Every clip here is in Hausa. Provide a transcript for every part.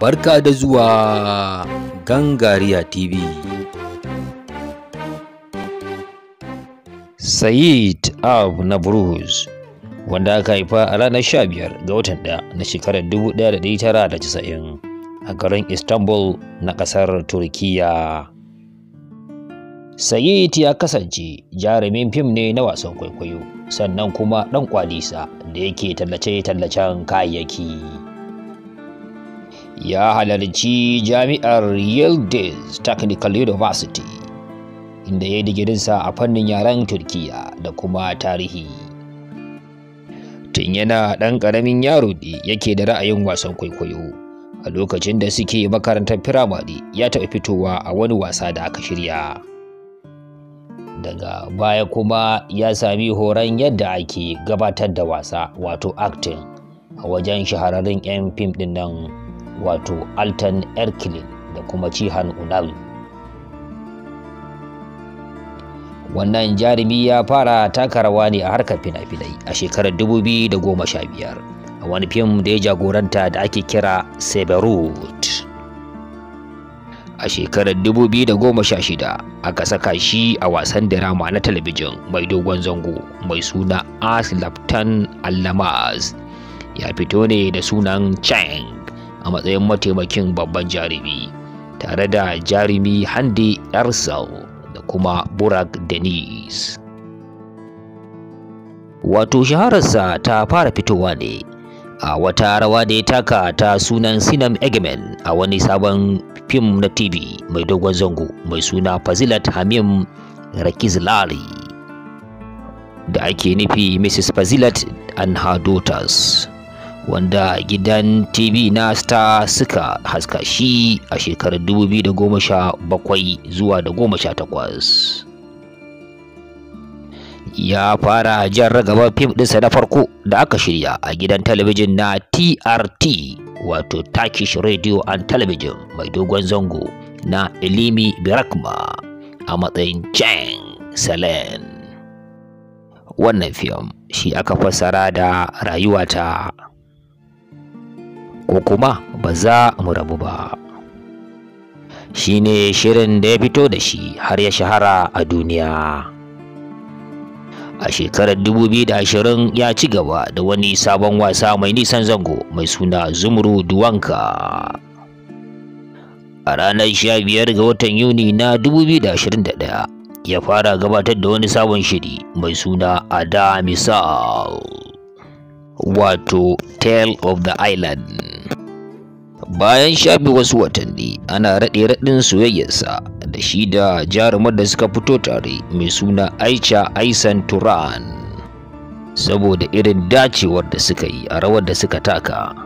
barka da zuwa gangariya tv Said Ab na Navruz wanda aka haifa a ranar 15 ga watan 1 na shekarar 1990 a garin Istanbul na ƙasar Turkiyya. Sayid ya kasance jarumin fim ne na wasan kwaikwayo sannan kuma ɗan kwalisa da yake tallace-tallacen kayayyaki. ya halarci jami'ar Yildiz Technical University inda ya yi digirinsa a fannin yaren Turkiya da kuma tarihi. Tun yana ɗan ƙaramin yaro ne yake da ra'ayin wasan kwaikwayo. A lokacin da suke makarantar firamare ya taɓa fitowa a wani wasa da aka shirya. Daga baya kuma ya sami horon yadda ake gabatar da wasa wato acting a wajen shahararrun 'yan fim ɗin nan wato alton erkilin da kuma cihan unal wannan jarumi ya fara taka rawa ne a harkar fina-finai a shekarar 2015 a wani fim da ya jagoranta da ake kira seberut a shekarar 2016 aka saka shi a wasan dirama na talabijin mai dogon zango mai suna aslaptan Alamaz ya fito ne da sunan chang a matsayin mataimakin babban jarumi tare da jarumi hande ersel da kuma burak denis wato shahararsa ta fara fitowa ne a wata rawa da ya taka ta sunan Sinam egemen a wani sabon fim na TV mai dogon zango mai suna Fazilat Hamim Rakizlali da ake nufi Mrs. Fazilat and her daughters. wanda gidan tv na star suka haska shi a shekarar 2017 zuwa da 18 ya fara jan ragabar fim ɗinsa na farko da aka shirya a gidan talabijin na trt wato turkish radio and television mai dogon zango na ilimi birakma a matsayin jen selen wannan fim shi aka fassara da rayuwata ko kuma ba za mu rabu ba shine shirin da ya fito da shi har ya shahara a duniya a shekarar 2020 ya ci gaba da wani sabon wasa mai nisan zango mai suna zumuru duwanka a ranar 15 ga watan yuni na 2021 ya fara gabatar da wani sabon shiri mai suna ada misal wato tale of the island bayan shafe wasu watanni ana raɗe raɗin soyayyarsa da shi da jarumar da suka fito tare mai suna aicha aisan turan saboda irin dacewar da suka yi a rawar da suka taka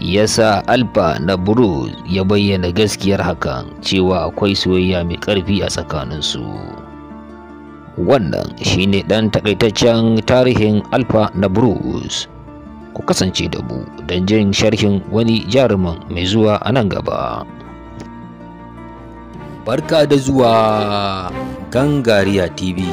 yasa alfa na bruce ya bayyana gaskiyar hakan cewa akwai soyayya mai ƙarfi a tsakaninsu wannan shine ɗan takaitaccen tarihin alfa na bruce ku kasance da mu don jin sharhin wani jaruman mai zuwa a nan gaba barka da zuwa gangariya tv